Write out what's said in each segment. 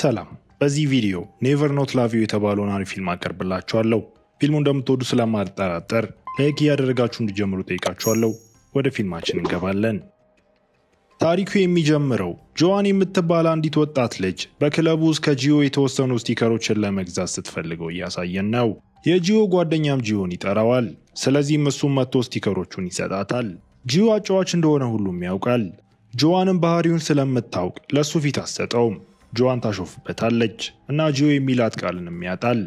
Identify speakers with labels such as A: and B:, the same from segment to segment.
A: ሰላም። በዚህ ቪዲዮ ኔቨር ኖት ላቭ ዩ የተባለውን አሪፍ ፊልም አቀርብላችኋለሁ። ፊልሙ እንደምትወዱ ስለማልጠራጠር ላይክ እያደረጋችሁ እንዲጀምሩ ጠይቃችኋለሁ። ወደ ፊልማችን እንገባለን። ታሪኩ የሚጀምረው ጆዋን የምትባል አንዲት ወጣት ልጅ በክለቡ ውስጥ ከጂዮ የተወሰኑ ስቲከሮችን ለመግዛት ስትፈልገው እያሳየን ነው። የጂዮ ጓደኛም ጂዮን ይጠራዋል። ስለዚህም እሱም መጥቶ ስቲከሮቹን ይሰጣታል። ጂዮ አጫዋች እንደሆነ ሁሉም ያውቃል። ጆዋንም ባህሪውን ስለምታውቅ ለእሱ ፊት አትሰጠውም። ጆዋን ታሾፍበታለች እና ጂዮ የሚላት ቃልንም ያጣል።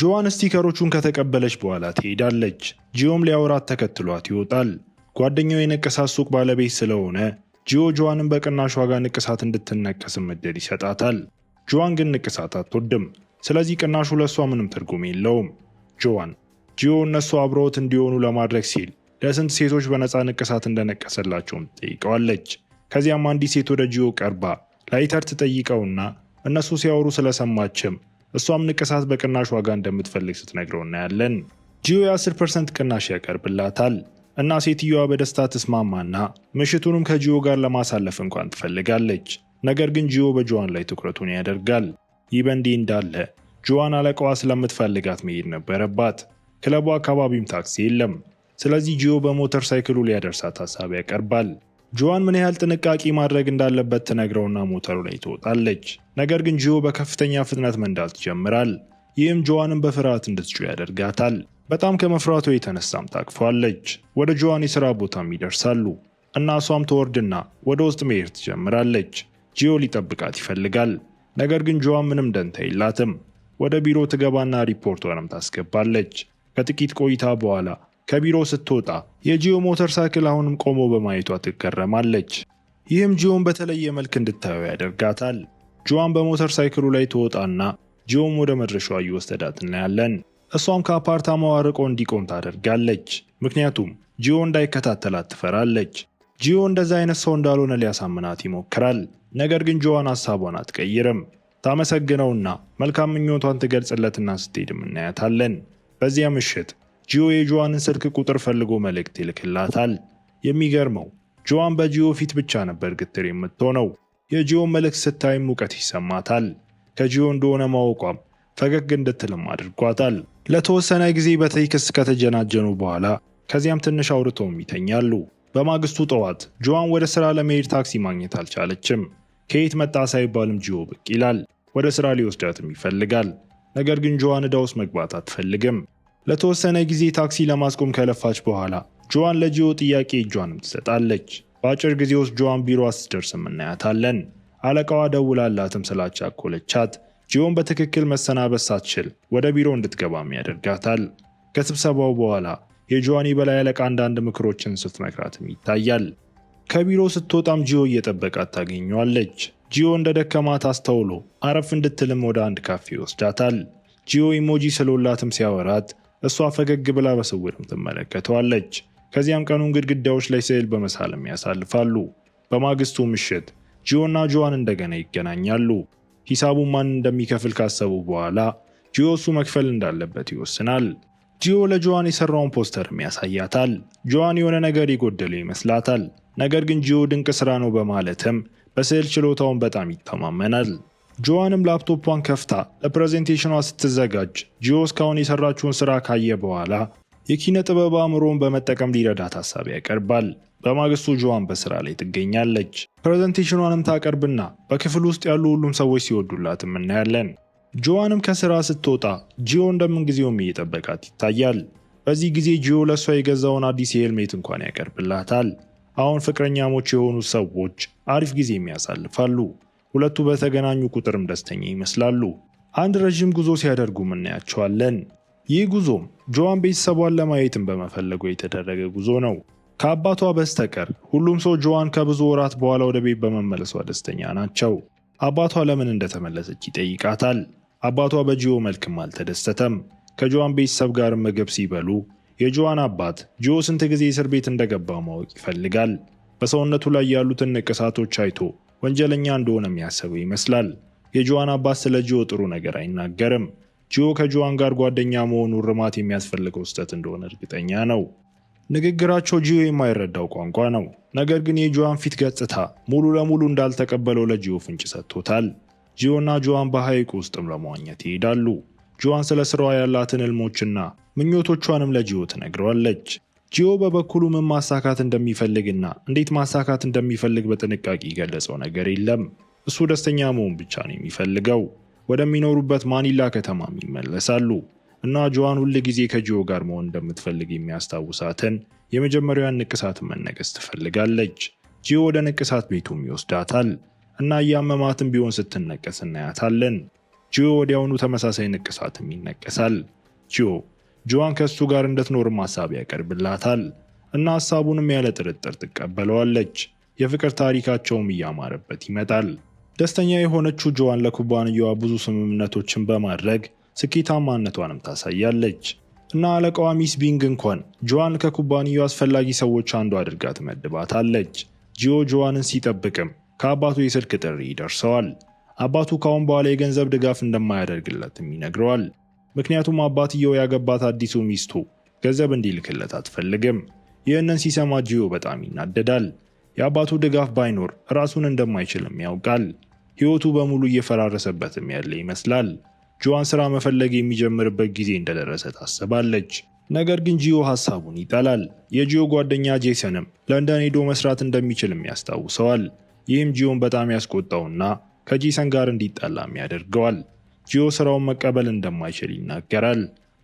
A: ጆዋን ስቲከሮቹን ከተቀበለች በኋላ ትሄዳለች። ጂዮም ሊያወራት ተከትሏት ይወጣል። ጓደኛው የነቀሳት ሱቅ ባለቤት ስለሆነ ጂዮ ጆዋንን በቅናሽ ዋጋ ንቅሳት እንድትነቀስም እድል ይሰጣታል። ጆዋን ግን ንቅሳት አትወድም። ስለዚህ ቅናሹ ለእሷ ምንም ትርጉም የለውም። ጆዋን ጂዮ እነሱ አብረውት እንዲሆኑ ለማድረግ ሲል ለስንት ሴቶች በነፃ ንቅሳት እንደነቀሰላቸውም ትጠይቀዋለች። ከዚያም አንዲት ሴት ወደ ጂዮ ቀርባ ላይተር ትጠይቀውና እነሱ ሲያወሩ ስለሰማችም እሷም ንቅሳት በቅናሽ ዋጋ እንደምትፈልግ ስትነግረው እናያለን። ጂዮ የ10 ፐርሰንት ቅናሽ ያቀርብላታል እና ሴትዮዋ በደስታ ትስማማና ምሽቱንም ከጂዮ ጋር ለማሳለፍ እንኳን ትፈልጋለች። ነገር ግን ጂዮ በጆዋን ላይ ትኩረቱን ያደርጋል። ይህ በእንዲህ እንዳለ ጆዋን አለቃዋ ስለምትፈልጋት መሄድ ነበረባት። ክለቡ አካባቢም ታክሲ የለም። ስለዚህ ጂዮ በሞተር ሳይክሉ ሊያደርሳት ሀሳብ ያቀርባል። ጆዋን ምን ያህል ጥንቃቄ ማድረግ እንዳለበት ትነግረውና ሞተሩ ላይ ትወጣለች። ነገር ግን ጂዮ በከፍተኛ ፍጥነት መንዳት ይጀምራል። ይህም ጆዋንን በፍርሃት እንድትጩ ያደርጋታል። በጣም ከመፍራቷ የተነሳም ታቅፏለች። ወደ ጆዋን የሥራ ቦታም ይደርሳሉ። እናሷም ትወርድና ወደ ውስጥ መሄድ ትጀምራለች። ጂዮ ሊጠብቃት ይፈልጋል። ነገር ግን ጆዋን ምንም ደንታ የላትም። ወደ ቢሮ ትገባና ሪፖርቷንም ታስገባለች። ከጥቂት ቆይታ በኋላ ከቢሮ ስትወጣ የጂዮ ሞተር ሳይክል አሁንም ቆሞ በማየቷ ትገረማለች። ይህም ጂዮን በተለየ መልክ እንድታየው ያደርጋታል። ጂዋን በሞተር ሳይክሉ ላይ ትወጣና ጂዮም ወደ መድረሻዋ እየወሰዳት እናያለን። እሷም ከአፓርታማዋ ርቆ እንዲቆም ታደርጋለች። ምክንያቱም ጂዮ እንዳይከታተላት ትፈራለች። ጂዮ እንደዛ አይነት ሰው እንዳልሆነ ሊያሳምናት ይሞክራል። ነገር ግን ጂዋን ሀሳቧን አትቀይርም። ታመሰግነውና መልካም ምኞቷን ትገልጽለትና ስትሄድም እናያታለን። በዚያ ምሽት ጂዮ የጆዋንን ስልክ ቁጥር ፈልጎ መልእክት ይልክላታል። የሚገርመው ጆዋን በጂዮ ፊት ብቻ ነበር ግትር የምትሆነው። የጂዮን መልእክት ስታይም ሙቀት ይሰማታል። ከጂዮ እንደሆነ ማወቋም ፈገግ እንድትልም አድርጓታል። ለተወሰነ ጊዜ በቴክስት ከተጀናጀኑ በኋላ ከዚያም ትንሽ አውርተውም ይተኛሉ። በማግስቱ ጠዋት ጆዋን ወደ ስራ ለመሄድ ታክሲ ማግኘት አልቻለችም። ከየት መጣ ሳይባልም ጂዮ ብቅ ይላል። ወደ ስራ ሊወስዳትም ይፈልጋል። ነገር ግን ጆዋን ዕዳ ውስጥ መግባት አትፈልግም። ለተወሰነ ጊዜ ታክሲ ለማስቆም ከለፋች በኋላ ጆዋን ለጂዮ ጥያቄ እጇንም ትሰጣለች። በአጭር ጊዜ ውስጥ ጆዋን ቢሮ ስትደርስም እናያታለን። አለቃዋ ደውላላትም ስላቻኮለቻት ጂዮን በትክክል መሰናበት ሳትችል ወደ ቢሮ እንድትገባም ያደርጋታል። ከስብሰባው በኋላ የጆዋኒ በላይ አለቃ አንዳንድ ምክሮችን ስትመክራትም ይታያል። ከቢሮ ስትወጣም ጂዮ እየጠበቃት ታገኘዋለች። ጂዮ እንደ ደከማት አስተውሎ አረፍ እንድትልም ወደ አንድ ካፌ ይወስዳታል። ጂዮ ኢሞጂ ስሎላትም ሲያወራት እሷ ፈገግ ብላ በስውርም ትመለከተዋለች። ከዚያም ቀኑን ግድግዳዎች ላይ ስዕል በመሳልም ያሳልፋሉ። በማግስቱ ምሽት ጂዮና ጆዋን እንደገና ይገናኛሉ። ሂሳቡን ማን እንደሚከፍል ካሰቡ በኋላ ጂዮ እሱ መክፈል እንዳለበት ይወስናል። ጂዮ ለጆዋን የሰራውን ፖስተርም ያሳያታል። ጆዋን የሆነ ነገር የጎደለው ይመስላታል። ነገር ግን ጂዮ ድንቅ ስራ ነው በማለትም በስዕል ችሎታውን በጣም ይተማመናል። ጆዋንም ላፕቶፑን ከፍታ ለፕሬዘንቴሽኗ ስትዘጋጅ ጂዮ እስካሁን የሰራችውን ስራ ካየ በኋላ የኪነ ጥበብ አእምሮን በመጠቀም ሊረዳት ሀሳብ ያቀርባል። በማግስቱ ጆዋን በስራ ላይ ትገኛለች። ፕሬዘንቴሽኗንም ታቀርብና በክፍል ውስጥ ያሉ ሁሉም ሰዎች ሲወዱላትም እናያለን። ጆዋንም ከስራ ስትወጣ ጂዮ እንደምንጊዜውም እየጠበቃት ይታያል። በዚህ ጊዜ ጂዮ ለእሷ የገዛውን አዲስ የሄልሜት እንኳን ያቀርብላታል። አሁን ፍቅረኛሞች የሆኑ ሰዎች አሪፍ ጊዜ የሚያሳልፋሉ። ሁለቱ በተገናኙ ቁጥርም ደስተኛ ይመስላሉ። አንድ ረዥም ጉዞ ሲያደርጉም እናያቸዋለን። ይህ ጉዞም ጆዋን ቤተሰቧን ለማየትም በመፈለጉ የተደረገ ጉዞ ነው። ከአባቷ በስተቀር ሁሉም ሰው ጆዋን ከብዙ ወራት በኋላ ወደ ቤት በመመለሷ ደስተኛ ናቸው። አባቷ ለምን እንደተመለሰች ይጠይቃታል። አባቷ በጂዮ መልክም አልተደሰተም። ከጆዋን ቤተሰብ ጋር ምግብ ሲበሉ የጆዋን አባት ጂዮ ስንት ጊዜ እስር ቤት እንደገባ ማወቅ ይፈልጋል። በሰውነቱ ላይ ያሉትን ንቅሳቶች አይቶ ወንጀለኛ እንደሆነ የሚያስበው ይመስላል። የጆዋን አባት ስለ ጂዮ ጥሩ ነገር አይናገርም። ጂዮ ከጆዋን ጋር ጓደኛ መሆኑ እርማት የሚያስፈልገው ስህተት እንደሆነ እርግጠኛ ነው። ንግግራቸው ጂዮ የማይረዳው ቋንቋ ነው። ነገር ግን የጆዋን ፊት ገጽታ ሙሉ ለሙሉ እንዳልተቀበለው ለጂዮ ፍንጭ ሰጥቶታል። ጂዮና ጆዋን በሐይቁ ውስጥም ለመዋኘት ይሄዳሉ። ጆዋን ስለ ስራዋ ያላትን ህልሞችና ምኞቶቿንም ለጂዮ ትነግረዋለች። ጂኦ በበኩሉ ምን ማሳካት እንደሚፈልግና እንዴት ማሳካት እንደሚፈልግ በጥንቃቄ የገለጸው ነገር የለም። እሱ ደስተኛ መሆን ብቻ ነው የሚፈልገው። ወደሚኖሩበት ማኒላ ከተማም ይመለሳሉ እና ጆዋን ሁል ጊዜ ከጂኦ ጋር መሆን እንደምትፈልግ የሚያስታውሳትን የመጀመሪያዋን ንቅሳት መነቀስ ትፈልጋለች። ጂኦ ወደ ንቅሳት ቤቱም ይወስዳታል እና እያመማትን ቢሆን ስትነቀስ እናያታለን። ጂኦ ወዲያውኑ ተመሳሳይ ንቅሳትም ይነቀሳል። ጂኦ ጆዋን ከእሱ ጋር እንድትኖርም ሀሳብ ያቀርብላታል እና ሀሳቡንም ያለ ጥርጥር ትቀበለዋለች። የፍቅር ታሪካቸውም እያማረበት ይመጣል። ደስተኛ የሆነችው ጆዋን ለኩባንያዋ ብዙ ስምምነቶችን በማድረግ ስኬታማነቷንም ታሳያለች እና አለቃዋ ሚስ ቢንግ እንኳን ጆዋን ከኩባንያው አስፈላጊ ሰዎች አንዱ አድርጋ ትመድባታለች። ጂዮ ጆዋንን ሲጠብቅም ከአባቱ የስልክ ጥሪ ይደርሰዋል። አባቱ ካሁን በኋላ የገንዘብ ድጋፍ እንደማያደርግለትም ይነግረዋል። ምክንያቱም አባትየው ያገባት አዲሱ ሚስቱ ገንዘብ እንዲልክለት አትፈልግም። ይህንን ሲሰማ ጂዮ በጣም ይናደዳል። የአባቱ ድጋፍ ባይኖር ራሱን እንደማይችልም ያውቃል። ሕይወቱ በሙሉ እየፈራረሰበትም ያለ ይመስላል። ጆዋን ሥራ መፈለግ የሚጀምርበት ጊዜ እንደደረሰ ታስባለች። ነገር ግን ጂዮ ሐሳቡን ይጠላል። የጂዮ ጓደኛ ጄሰንም ለንደን ሄዶ መስራት እንደሚችልም ያስታውሰዋል። ይህም ጂዮን በጣም ያስቆጣውና ከጄሰን ጋር እንዲጠላም ያደርገዋል። ጂዮ ስራውን መቀበል እንደማይችል ይናገራል።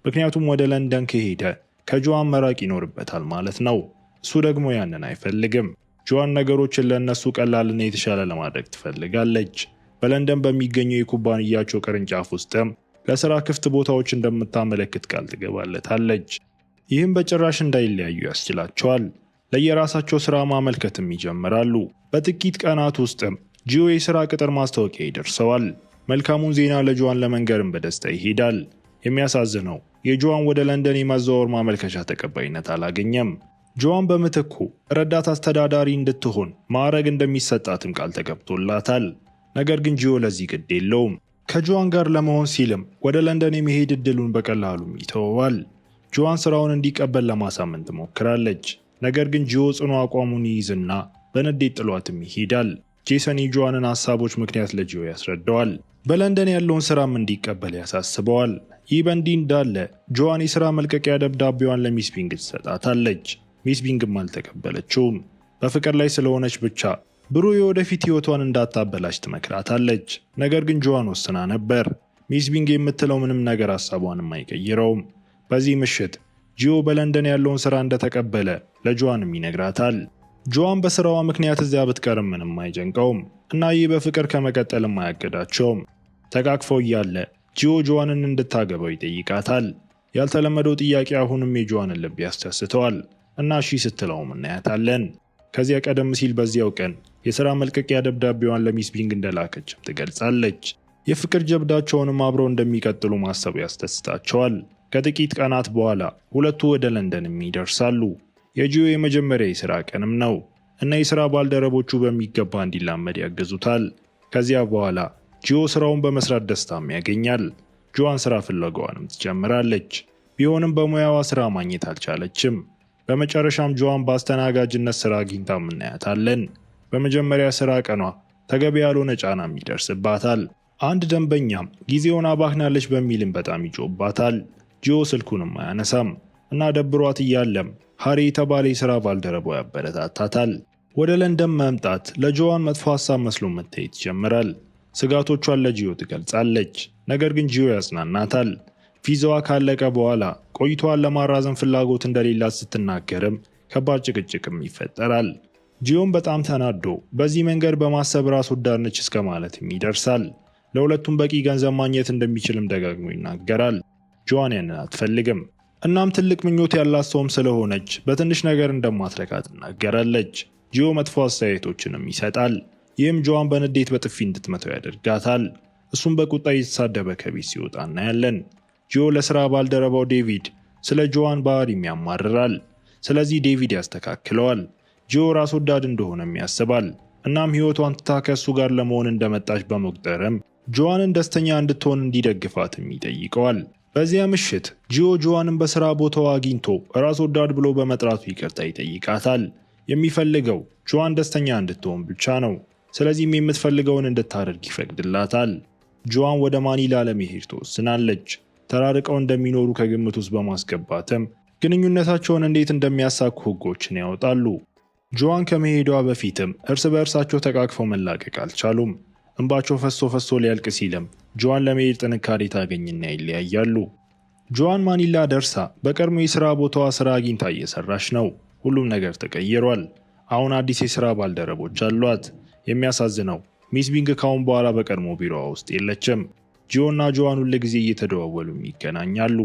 A: ምክንያቱም ወደ ለንደን ከሄደ ከጆዋን መራቅ ይኖርበታል ማለት ነው። እሱ ደግሞ ያንን አይፈልግም። ጆዋን ነገሮችን ለእነሱ ቀላልና የተሻለ ለማድረግ ትፈልጋለች። በለንደን በሚገኘው የኩባንያቸው ቅርንጫፍ ውስጥም ለስራ ክፍት ቦታዎች እንደምታመለክት ቃል ትገባለታለች። ይህም በጭራሽ እንዳይለያዩ ያስችላቸዋል። ለየራሳቸው ስራ ማመልከትም ይጀምራሉ። በጥቂት ቀናት ውስጥም ጂዮ የስራ ቅጥር ማስታወቂያ ይደርሰዋል። መልካሙን ዜና ለጆዋን ለመንገርም በደስታ ይሄዳል። የሚያሳዝነው የጆዋን ወደ ለንደን የማዘዋወር ማመልከቻ ተቀባይነት አላገኘም። ጆዋን በምትኩ ረዳት አስተዳዳሪ እንድትሆን ማዕረግ እንደሚሰጣትም ቃል ተገብቶላታል። ነገር ግን ጂዮ ለዚህ ግድ የለውም። ከጆዋን ጋር ለመሆን ሲልም ወደ ለንደን የመሄድ እድሉን በቀላሉም ይተወዋል። ጆዋን ስራውን እንዲቀበል ለማሳመን ትሞክራለች። ነገር ግን ጂዮ ጽኑ አቋሙን ይይዝና በንዴት ጥሏትም ይሄዳል። ጄሰን የጆዋንን ሀሳቦች ምክንያት ለጂዮ ያስረዳዋል። በለንደን ያለውን ስራም እንዲቀበል ያሳስበዋል። ይህ በእንዲህ እንዳለ ጆዋን የስራ መልቀቂያ ደብዳቤዋን ለሚስ ቢንግ ትሰጣታለች። ሚስ ቢንግም አልተቀበለችውም። በፍቅር ላይ ስለሆነች ብቻ ብሩ የወደፊት ህይወቷን እንዳታበላሽ ትመክራታለች። ነገር ግን ጆዋን ወስና ነበር። ሚስ ቢንግ የምትለው ምንም ነገር ሀሳቧንም አይቀይረውም። በዚህ ምሽት ጂዮ በለንደን ያለውን ስራ እንደተቀበለ ለጆዋንም ይነግራታል። ጆዋን በስራዋ ምክንያት እዚያ ብትቀርም ምንም አይጨንቀውም እና ይህ በፍቅር ከመቀጠልም አያገዳቸውም። ተቃቅፈው እያለ ጂዮ ጆዋንን እንድታገባው ይጠይቃታል። ያልተለመደው ጥያቄ አሁንም የጆዋንን ልብ ያስደስተዋል እና እሺ ስትለውም እናያታለን። ከዚያ ቀደም ሲል በዚያው ቀን የሥራ መልቀቂያ ደብዳቤዋን ለሚስ ቢንግ እንደላከችም ትገልጻለች። የፍቅር ጀብዳቸውንም አብረው እንደሚቀጥሉ ማሰብ ያስደስታቸዋል። ከጥቂት ቀናት በኋላ ሁለቱ ወደ ለንደንም ይደርሳሉ። የጂኦ የመጀመሪያ የሥራ ቀንም ነው እና የሥራ ባልደረቦቹ በሚገባ እንዲላመድ ያገዙታል። ከዚያ በኋላ ጂኦ ሥራውን በመስራት ደስታም ያገኛል። ጆዋን ሥራ ፍለጋዋንም ትጀምራለች። ቢሆንም በሙያዋ ሥራ ማግኘት አልቻለችም። በመጨረሻም ጆዋን በአስተናጋጅነት ሥራ አግኝታ እናያታለን። በመጀመሪያ ሥራ ቀኗ ተገቢ ያልሆነ ጫናም ይደርስባታል። አንድ ደንበኛም ጊዜውን አባክናለች በሚልም በጣም ይጮባታል። ጂኦ ስልኩንም አያነሳም እና ደብሯት እያለም ሃሪ የተባለ የሥራ ባልደረባው ያበረታታታል። ወደ ለንደን መምጣት ለጆዋን መጥፎ ሐሳብ መስሎ መታየት ይጀምራል። ስጋቶቿን ለጂዮ ትገልጻለች፣ ነገር ግን ጂዮ ያጽናናታል። ቪዛዋ ካለቀ በኋላ ቆይቷን ለማራዘም ፍላጎት እንደሌላት ስትናገርም ከባድ ጭቅጭቅም ይፈጠራል። ጂዮም በጣም ተናዶ በዚህ መንገድ በማሰብ ራስ ወዳድ ነች እስከ ማለትም ይደርሳል። ለሁለቱም በቂ ገንዘብ ማግኘት እንደሚችልም ደጋግሞ ይናገራል። ጆዋን ያንን አትፈልግም። እናም ትልቅ ምኞት ያላት ሰውም ስለሆነች በትንሽ ነገር እንደማትረካ ትናገራለች። ጂዮ መጥፎ አስተያየቶችንም ይሰጣል። ይህም ጆዋን በንዴት በጥፊ እንድትመተው ያደርጋታል። እሱም በቁጣ እየተሳደበ ከቤት ሲወጣ እናያለን። ጂዮ ለስራ ባልደረባው ዴቪድ ስለ ጆዋን ባህሪም ያማርራል። ስለዚህ ዴቪድ ያስተካክለዋል። ጂዮ ራስ ወዳድ እንደሆነም ያስባል። እናም ህይወቷን ትታ ከእሱ ጋር ለመሆን እንደመጣች በመቁጠርም ጆዋንን ደስተኛ እንድትሆን እንዲደግፋትም ይጠይቀዋል። በዚያ ምሽት ጂዮ ጆዋንን በሥራ ቦታው አግኝቶ ራስ ወዳድ ብሎ በመጥራቱ ይቅርታ ይጠይቃታል። የሚፈልገው ጆዋን ደስተኛ እንድትሆን ብቻ ነው። ስለዚህም የምትፈልገውን እንድታደርግ ይፈቅድላታል። ጆዋን ወደ ማኒላ ለመሄድ ትወስናለች። ተራርቀው እንደሚኖሩ ከግምት ውስጥ በማስገባትም ግንኙነታቸውን እንዴት እንደሚያሳኩ ህጎችን ያወጣሉ። ጆዋን ከመሄዷ በፊትም እርስ በእርሳቸው ተቃቅፈው መላቀቅ አልቻሉም። እንባቸው ፈሶ ፈሶ ሊያልቅ ሲልም ጆዋን ለመሄድ ጥንካሬ ታገኝና ይለያያሉ። ጆዋን ማኒላ ደርሳ በቀድሞ የሥራ ቦታዋ ሥራ አግኝታ እየሰራች ነው። ሁሉም ነገር ተቀይሯል። አሁን አዲስ የሥራ ባልደረቦች አሏት። የሚያሳዝነው ሚስ ቢንግ ካሁን በኋላ በቀድሞ ቢሮዋ ውስጥ የለችም። ጂዮና ጆዋን ሁል ጊዜ እየተደዋወሉም ይገናኛሉ።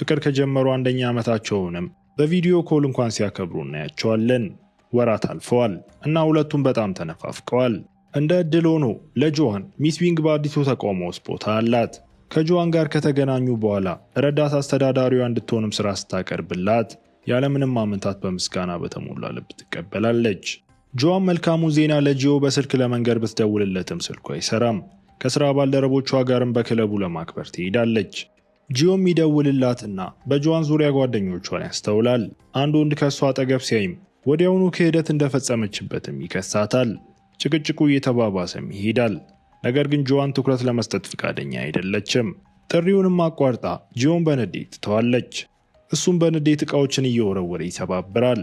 A: ፍቅር ከጀመሩ አንደኛ ዓመታቸውንም በቪዲዮ ኮል እንኳን ሲያከብሩ እናያቸዋለን። ወራት አልፈዋል እና ሁለቱም በጣም ተነፋፍቀዋል። እንደ ዕድል ሆኖ ለጆዋን ሚስ ዊንግ በአዲሱ ተቋሟ ውስጥ ቦታ አላት። ከጆዋን ጋር ከተገናኙ በኋላ ረዳት አስተዳዳሪዋ እንድትሆንም ስራ ስታቀርብላት ያለምንም ማመንታት በምስጋና በተሞላ ልብ ትቀበላለች። ጆዋን መልካሙን ዜና ለጂዮ በስልክ ለመንገር ብትደውልለትም ስልኩ አይሰራም። ከስራ ባልደረቦቿ ጋርም በክለቡ ለማክበር ትሄዳለች። ጂዮም ይደውልላትና በጆዋን ዙሪያ ጓደኞቿን ያስተውላል። አንድ ወንድ ከእሷ አጠገብ ሲያይም ወዲያውኑ ክህደት እንደፈጸመችበትም ይከሳታል። ጭቅጭቁ እየተባባሰም ይሄዳል። ነገር ግን ጆዋን ትኩረት ለመስጠት ፍቃደኛ አይደለችም። ጥሪውንም አቋርጣ ጂዮን በንዴት ትተዋለች። እሱም በንዴት እቃዎችን እየወረወረ ይሰባብራል።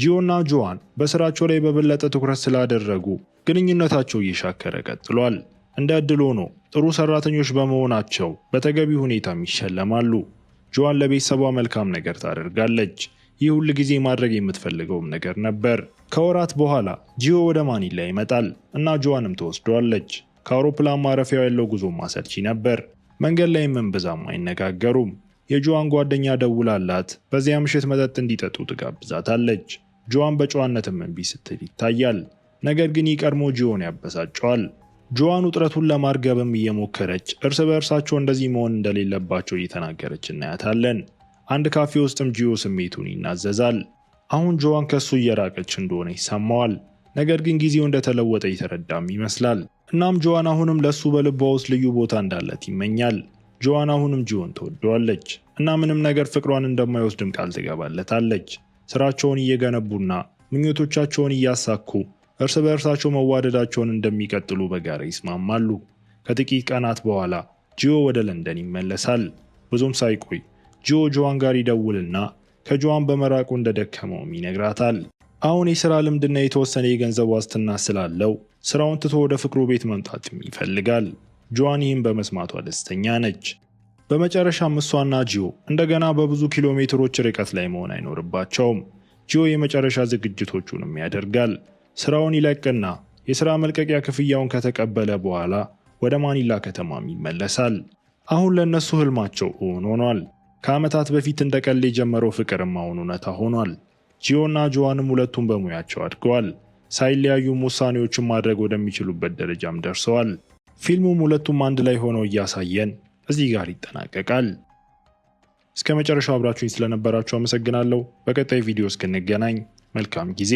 A: ጂዮና ጆዋን በስራቸው ላይ በበለጠ ትኩረት ስላደረጉ ግንኙነታቸው እየሻከረ ቀጥሏል። እንደ ዕድል ሆኖ ጥሩ ሰራተኞች በመሆናቸው በተገቢ ሁኔታም ይሸለማሉ። ጆዋን ለቤተሰቧ መልካም ነገር ታደርጋለች። ይህ ሁል ጊዜ ማድረግ የምትፈልገውም ነገር ነበር። ከወራት በኋላ ጂዮ ወደ ማኒላ ይመጣል እና ጆዋንም ትወስደዋለች። ከአውሮፕላን ማረፊያው ያለው ጉዞ አሰልቺ ነበር። መንገድ ላይ እምብዛም አይነጋገሩም። የጆዋን ጓደኛ ደውላላት በዚያ ምሽት መጠጥ እንዲጠጡ ትጋብዛታለች። ጆዋን በጨዋነትም እምቢ ስትል ይታያል። ነገር ግን ይቀድሞ ጂዮን ያበሳጨዋል። ጆዋን ውጥረቱን ለማርገብም እየሞከረች እርስ በእርሳቸው እንደዚህ መሆን እንደሌለባቸው እየተናገረች እናያታለን። አንድ ካፌ ውስጥም ጂዮ ስሜቱን ይናዘዛል። አሁን ጆዋን ከሱ እየራቀች እንደሆነ ይሰማዋል። ነገር ግን ጊዜው እንደተለወጠ ይተረዳም ይመስላል። እናም ጆዋን አሁንም ለሱ በልቧ ውስጥ ልዩ ቦታ እንዳለት ይመኛል። ጆዋን አሁንም ጂዮን ትወደዋለች እና ምንም ነገር ፍቅሯን እንደማይወስድም ቃል ትገባለታለች። ስራቸውን እየገነቡና ምኞቶቻቸውን እያሳኩ እርስ በእርሳቸው መዋደዳቸውን እንደሚቀጥሉ በጋራ ይስማማሉ። ከጥቂት ቀናት በኋላ ጂዮ ወደ ለንደን ይመለሳል። ብዙም ሳይቆይ ጆ ጆዋን ጋር ይደውልና ከጆዋን በመራቁ እንደደከመውም ይነግራታል። አሁን የሥራ ልምድና የተወሰነ የገንዘብ ዋስትና ስላለው ስራውን ትቶ ወደ ፍቅሩ ቤት መምጣትም ይፈልጋል። ጆዋን ይህም በመስማቷ ደስተኛ ነች። በመጨረሻም እሷና ጂዮ እንደገና በብዙ ኪሎ ሜትሮች ርቀት ላይ መሆን አይኖርባቸውም። ጂዮ የመጨረሻ ዝግጅቶቹንም ያደርጋል። ስራውን ይለቅና የሥራ መልቀቂያ ክፍያውን ከተቀበለ በኋላ ወደ ማኒላ ከተማም ይመለሳል። አሁን ለእነሱ ህልማቸው እውን ሆኗል። ከዓመታት በፊት እንደ ቀልድ የጀመረው ፍቅርም አሁን እውነታ ሆኗል። ጂዮና ጆዋንም ሁለቱም በሙያቸው አድገዋል። ሳይለያዩም ውሳኔዎችን ማድረግ ወደሚችሉበት ደረጃም ደርሰዋል። ፊልሙም ሁለቱም አንድ ላይ ሆነው እያሳየን እዚህ ጋር ይጠናቀቃል። እስከ መጨረሻው አብራችሁኝ ስለነበራችሁ አመሰግናለሁ። በቀጣይ ቪዲዮ እስክንገናኝ መልካም ጊዜ